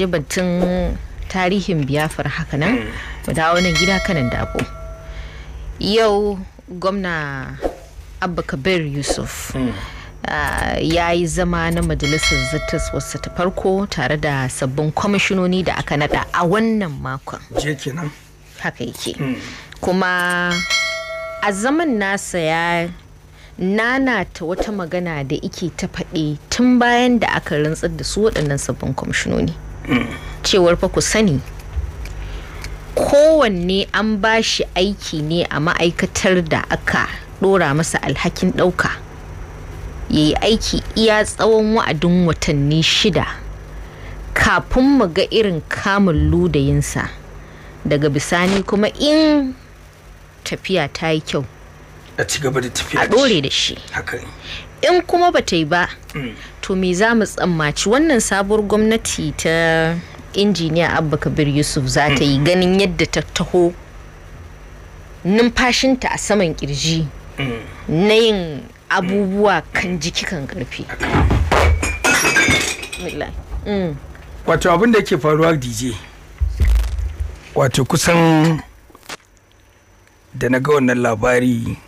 je batun tarihin biyafar haka nan mm. mu dawo nan gida kanan dabo yau gwamna abba kabir yusuf mm. ya yi zama na majalisar zattas wasu ta farko tare da sabbin kwamishinoni da aka nada a wannan makon je kenan haka yake mm. kuma a zaman nasa ya nanata wata magana da ike ta faɗi tun bayan da aka rantsar da su waɗannan sabbin kwamishinoni cewar fa ku sani kowanne an ba shi aiki ne a ma'aikatar da aka dora masa alhakin dauka ya yi aiki iya tsawon wa'adin watanni shida kafin mu ga irin kamun ludayinsa daga bisani kuma in tafiya ta yi kyau a ci gaba da tafiya a da shi in kuma ba ta yi ba mm. to me za mu tsammaci wannan sabuwar gwamnati ta injiniya abba kabir yusuf za ta yi ganin yadda ta taho numfashinta a saman kirji na yin abubuwa kan jiki kan karfi mm. wato abin da ke faruwa dj wato kusan da na ga wannan labari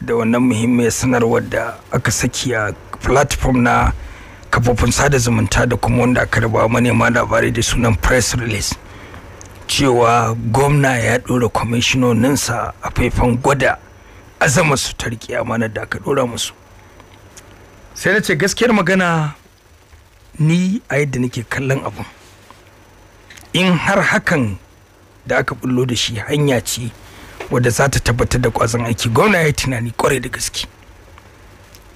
da wannan muhimmiyar sanarwar da aka saki a platform na kafofin sada zumunta da kuma wanda aka raba manema labarai da sunan press release cewa gwamna ya ɗora kwamishinoninsa a faifan gwada azama su tarki amanar da aka ɗora musu sai na ce gaskiyar magana ni a yadda nake kallon abun in har hakan da aka bullo da shi hanya ce wadda za ta tabbatar da kwazon aiki gwamna ya yi tunani kwarai da gaske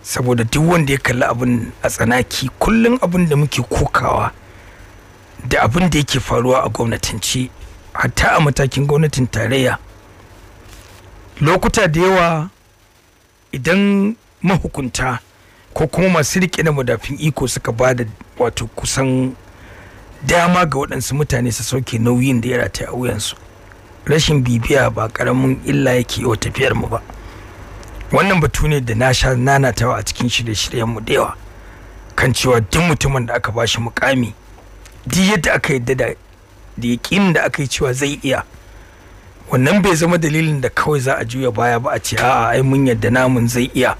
saboda duk wanda ya kalli abin a tsanaki kullum abin da muke kokawa da abin da yake faruwa a gwamnatance hatta a matakin gwamnatin tarayya lokuta da yawa idan mahukunta ko kuma masu riƙe na madafin iko suka ba da wato kusan dama ga waɗansu mutane su sauke nauyin da ya rataya a wuyansu rashin bibiya ba ƙaramin illa yake wa tafiyar mu ba wannan batu ne da na sha nanatawa a cikin shirye-shiryenmu da yawa kan cewa duk mutumin da aka bashi mukami duk yadda aka yadda da da yaƙin da aka yi cewa zai iya wannan bai zama dalilin da kawai za a juya baya ba a ce a'a ai mun yadda namun zai iya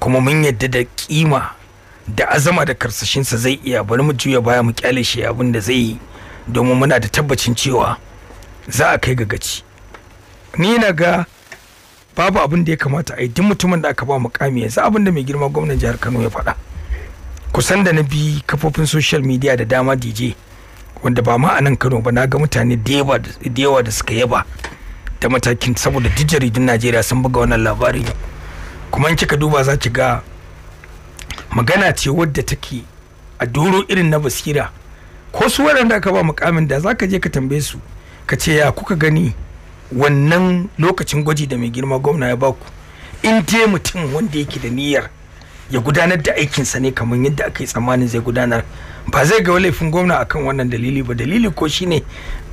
kuma mun yadda da kima da azama da karsashinsa zai iya bari mu juya baya mu kyale shi abin da zai yi domin muna da tabbacin cewa za a kai ga ni na ga babu abin da ya kamata a yi duk mutumin da aka ba mukami yanzu abin da mai girma gwamnan jihar Kano ya faɗa kusan da na bi kafofin social media da dama DJ wanda ba ma a nan Kano ba na ga mutane da yawa da suka yaba da matakin saboda duk jaridun Najeriya sun buga wannan labari kuma in kika duba za ki ga magana ce wadda take a doro irin na basira ko su waɗanda aka ba mukamin da zaka je ka tambaye su ka ce ya kuka gani wannan lokacin gwaji da mai girma gwamna ya baku in dai mutum wanda yake da niyyar ya gudanar da aikinsa ne kamar yadda aka yi tsammanin zai gudanar ba zai ga laifin gwamna akan wannan dalili ba dalili ko shine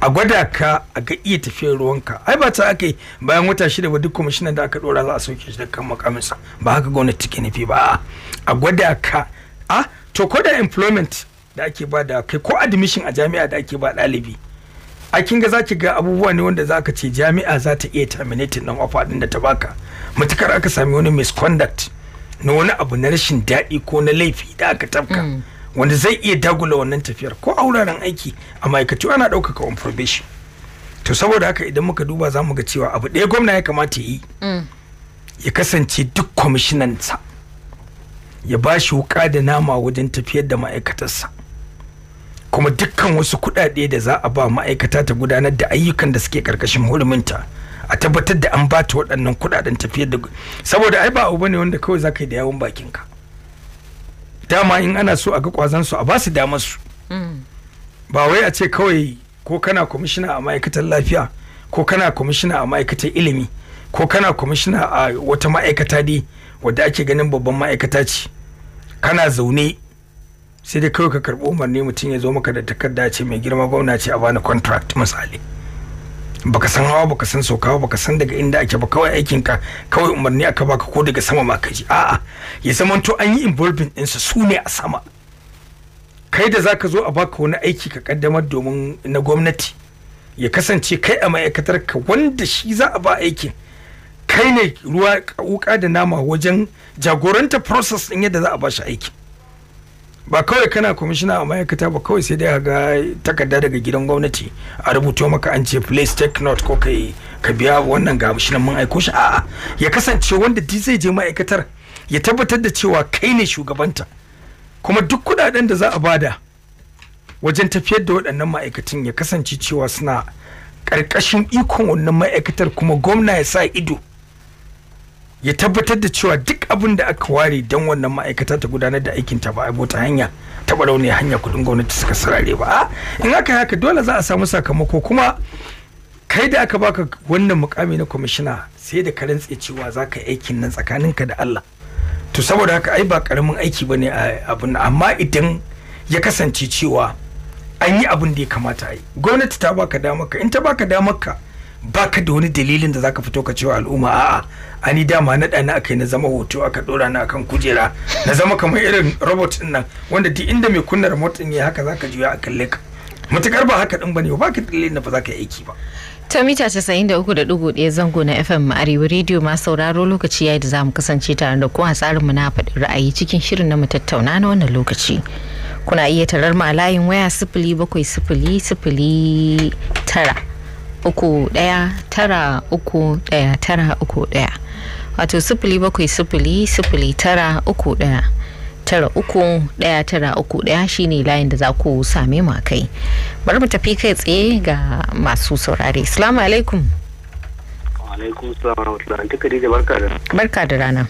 a gwada ka a ga iya tafiyar ruwanka ai ba ta aka yi bayan wata shida ba duk kwamishinan da aka dora za a sauke shi da kan makaminsa ba haka gwamnati take nufi ba a gwada ka a to ko da employment da ake ba da kai ko admission a jami'a da ake ba ɗalibi a kin ga zaki ga abubuwa ne wanda zaka ce jami'a za ta iya terminating ɗan offer din da ta baka matukar aka sami wani misconduct na wani abu na rashin daɗi ko na laifi da aka tabka mm. wanda zai iya dagula wannan tafiyar ko a wuraren aiki a ma'aikatu ana ɗaukaka on probation to saboda haka idan muka duba za mu ga cewa abu ɗaya gwamna ya kamata yi mm. ya kasance duk kwamishinansa ya ba shi wuka da nama wajen tafiyar da ma'aikatarsa kuma dukkan wasu kuɗaɗe da za a ba ma'aikata ta gudanar da ayyukan da suke karkashin huruminta a tabbatar da an bata waɗannan kuɗaɗen tafiyar da saboda ai ba abu ne wanda kawai za ka yi da yawon bakinka dama in ana so a ga kwazon su a ba su damar su mm. ba wai a ce kawai ko kana kwamishina a ma'aikatar lafiya ko kana kwamishina a ma'aikatan ilimi ko kana kwamishina a wata ma'aikata dai wadda ake ganin babban ma'aikata ce kana zaune sai dai kawai ka karɓi umarni mutum ya zo maka da takarda ce mai girma gwamna ce a bani contract misali baka san hawa baka san sauka baka san daga inda ake ba kawai aikin ka kawai umarni aka baka ko daga sama ma kaji a'a ya zama to an yi involving ɗinsa su ne a sama kai da zaka zo a baka wani aiki ka kaddamar domin na gwamnati ya kasance kai a ma'aikatar ka wanda shi za a ba aikin kai ne ruwa wuka da nama wajen jagoranta process ɗin yadda za a ba shi aikin. ba kawai kana kwamishina a ma'aikata ba kawai sai dai ga takarda daga gidan gwamnati a rubuto maka an ce place take note ko kai ka biya wannan ga shi mun aiko shi a'a ya kasance wanda duk zai je ma'aikatar ya tabbatar da cewa kai ne shugabanta kuma duk kudaden da za a bada wajen tafiyar da waɗannan ma'aikatan ya kasance cewa suna ƙarƙashin ikon wannan ma'aikatar kuma gwamna ya sa ido ya tabbatar da cewa duk abin da aka ware don wannan ma'aikata ta gudanar da aikinta ba a bota hanya ta rauni hanya kudin gwamnati suka sarare ba in aka haka dole za a samu sakamako kuma kai da aka baka wannan mukami na kwamishina sai da ka rantse cewa za ka yi aikin nan tsakaninka da Allah to saboda haka ai ba karamin aiki bane a abin amma idan ya kasance cewa an yi abin da ya kamata a yi gwamnati ta baka damar ka in ta baka damar ka baka da wani dalilin da zaka fito ka cewa al'umma a'a ani dama naɗa dana akai na zama hoto aka dora na akan kujera na zama kamar irin robot din nan wanda duk inda mai kunna remote din haka zaka juya a kalle ka matukar ba haka din bane ba ka dalilin da ba zaka yi aiki ba ta mita 93.1 zango na fm arewa rediyo ma sauraro lokaci yayi da zamu kasance tare da ku a tsarinmu na faɗin ra'ayi cikin shirin na mu tattauna na wannan lokaci kuna iya tarar mu a layin waya sifili bakwai sifili sifili tara uku ɗaya tara uku ɗaya tara uku ɗaya wato sifili bakwai sifili sifili tara uku ɗaya tara uku ɗaya tara uku ɗaya shine layin da za ku same mu kai bari mu tafi kai tsaye ga masu saurare salamu alaikum alaikum salam wa rahmatullahi barka da barka da rana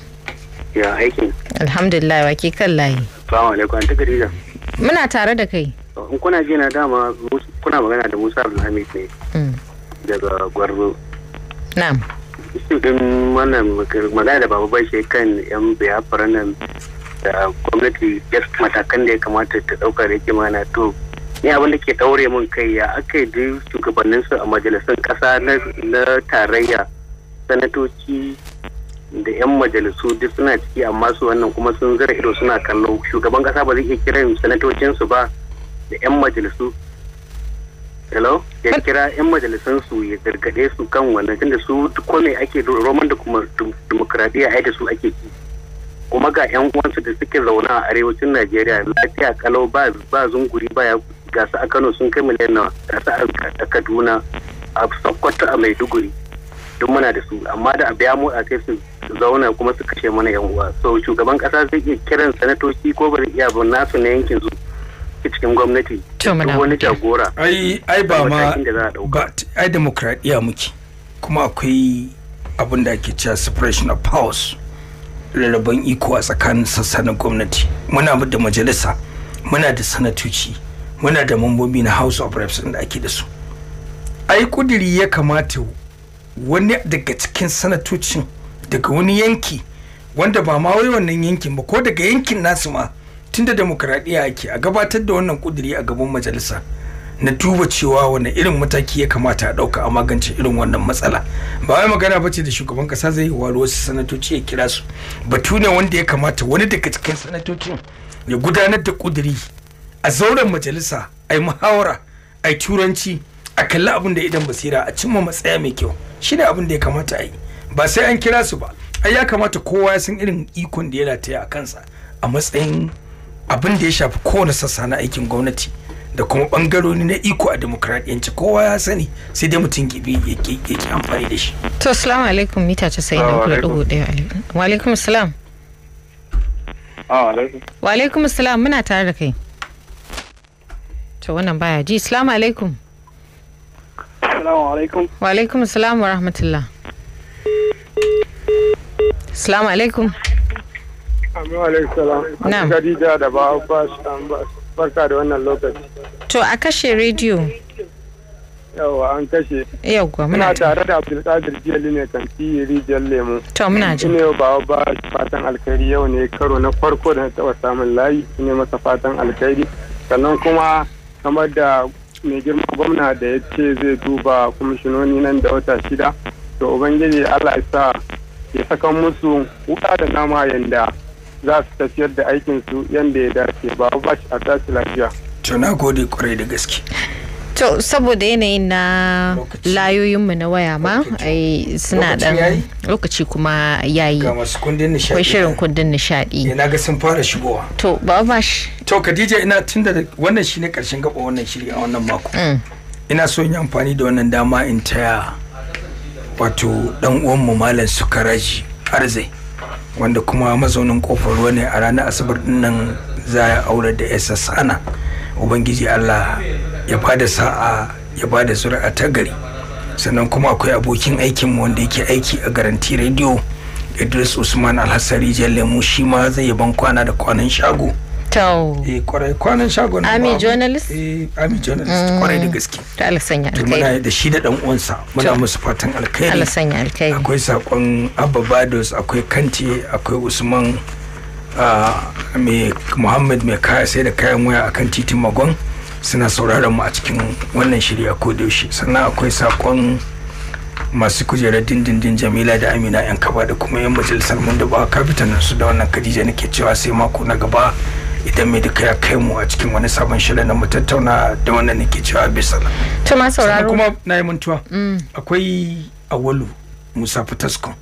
ya aiki alhamdulillah wa ke kan layi salamu alaikum an duka dai muna tare da kai in kuna jina dama kuna magana da Musa Abdulhamid ne mm. daga gwarzo na'am din wannan magana da babu bai kan yan biyafra nan da gwamnati ya matakan da ya kamata ta ɗauka da yake mana to ni abin da ke daure mun kai ya aka yi shugabannin su a majalisun kasa na tarayya sanatoci da yan majalisu duk suna ciki amma su wannan kuma sun zira ido suna kallo shugaban ƙasa ba zai iya kiran sanatocinsu ba da yan majalisu hello kira yan majalisan su ya gargade su kan wannan tunda su ko ake roman da kuma demokradiya ai da su ake ki kuma ga yan uwansu da suke zauna a arewacin Najeriya lafiya kalau ba ba zunguri ba ya gasa a Kano sun kai miliyan nawa gasa a Kaduna a Sokoto a Maiduguri duk muna da su amma da a biya mu a kai su zauna kuma su kashe mana yan uwa so shugaban kasa zai iya kiran sanatoci ko ba zai iya ba nasu na yankin su cikin gwamnati duk wani jagora ai ai ba ma ai demokradiya muke kuma akwai abin da ake cewa separation of powers rarraban iko a tsakanin sassa gwamnati muna da majalisa muna da sanatoci muna da mambobi na house of reps da ake da su ai kudiri ya kamata wani daga cikin sanatocin daga wani yanki wanda ba ma wai wannan yankin ba ko daga yankin nasu ma tunda demokradiyya ake a gabatar da wannan kuduri a gaban majalisa na duba cewa wani irin mataki ya kamata a ɗauka a magance irin wannan matsala ba wai magana ba ce da shugaban kasa zai yi waro wasu sanatoci ya kira su batu ne wanda ya kamata wani daga cikin sanatocin ya gudanar da kuduri a zauren majalisa a yi muhawara a yi turanci a kalli abin da idan basira a cimma matsaya mai kyau shine abin da ya kamata a yi ba sai an kira su ba ai ya kamata kowa ya san irin ikon da ya rataya a kansa a matsayin abin da ya shafi kowane sassa na aikin gwamnati da kuma bangarori na iko a demokradiyanci kowa ya sani sai dai mutum gibi ya ke amfani da shi to salamu alaikum mita ce sai na kula dubu daya wa alaikum salam ah, wa alaikum salam muna tare da kai to wannan baya ji salamu alaikum wa alaikum salam wa rahmatullah salamu alaikum Amma alaihissalam. Na'am. Khadija da ba Abbas barka da wannan lokaci. To a kashe rediyo. Yawwa an kashe. Yawa muna tare da Abdulkadir Jeli ne kan rijiyar lemu. To muna ji. Ne ba ba fatan alkhairi yau ne karo na farko da na taɓa samun layi ne masa fatan alkhairi. Sannan kuma kamar da mai girma gwamna da ya ce zai duba kwamishinoni nan da wata shida. To Ubangiji Allah ya sa ya saka musu wuka da nama yanda za su tafiyar da aikinsu yadda ya dace ba ba shi a tashi lafiya. To na gode kwarai da gaske. To saboda yanayin na layoyinmu na waya ma suna dan lokaci kuma yayi. Ga masu kundin nishadi. shirin kundin nishadi. Ina eh, ga sun fara shigowa. To ba ba shi. To Khadija ina tunda wannan shine karshen gaba wannan shiri a wannan mako. Mm. Ina so in yi amfani da wannan dama in taya wato dan uwan mu malam Sukaraji Arzai. wanda kuma mazaunin kofar ruwa ne a ranar asabar nan za a aure da yasa sana ubangiji allah ya bada sa'a ya bada zuri'a ta gari sannan kuma akwai abokin aikinmu wanda yake aiki a garanti rediyo idris usman alhassari jalle mu shi ma zai ban kwana da kwanan shago tau eh kwarai kwanan shagon ami journalist eh ami journalist mm. kwarai da gaske to Allah sanya alkhairi da shi da ɗan uwansa muna musu fatan alkhairi Allah sanya alkhairi akwai sakon Ababados akwai Kanti akwai Usman ah, mai Muhammad mai kaya sai da kayan waya akan titin Magon suna sauraron mu a cikin wannan shirya ko da yaushe sannan akwai saƙon masu kujerar dindindin jamila da amina yan kaba da kuma yan majalisar mun da ba kafitan su da wannan kadija nake cewa sai mako na gaba idan mai duka ya kai mu a cikin wani sabon shirin na mu tattauna da wannan nake cewa bisa to ma sauraro kuma na yi mantuwa mm. akwai awalu musa fitasko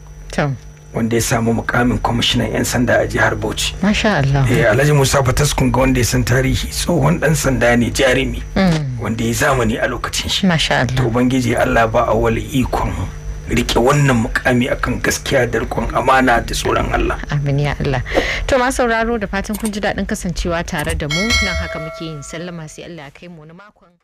wanda ya samu mukamin kwamishinan 'yan sanda a jihar bauchi masha Allah eh alhaji musa fitasko ga wanda ya san tarihi tsohon dan sanda ne jarumi mm. wanda ya zamani a lokacin shi masha Allah to ubangiji Allah ba a wali ikon rike wannan mukami akan gaskiya da rikon amana da tsoron Allah. Amin ya Allah. To ma sauraro da fatan kun ji daɗin kasancewa tare da mu nan haka muke yin sallama sai Allah ya kai mu na makon.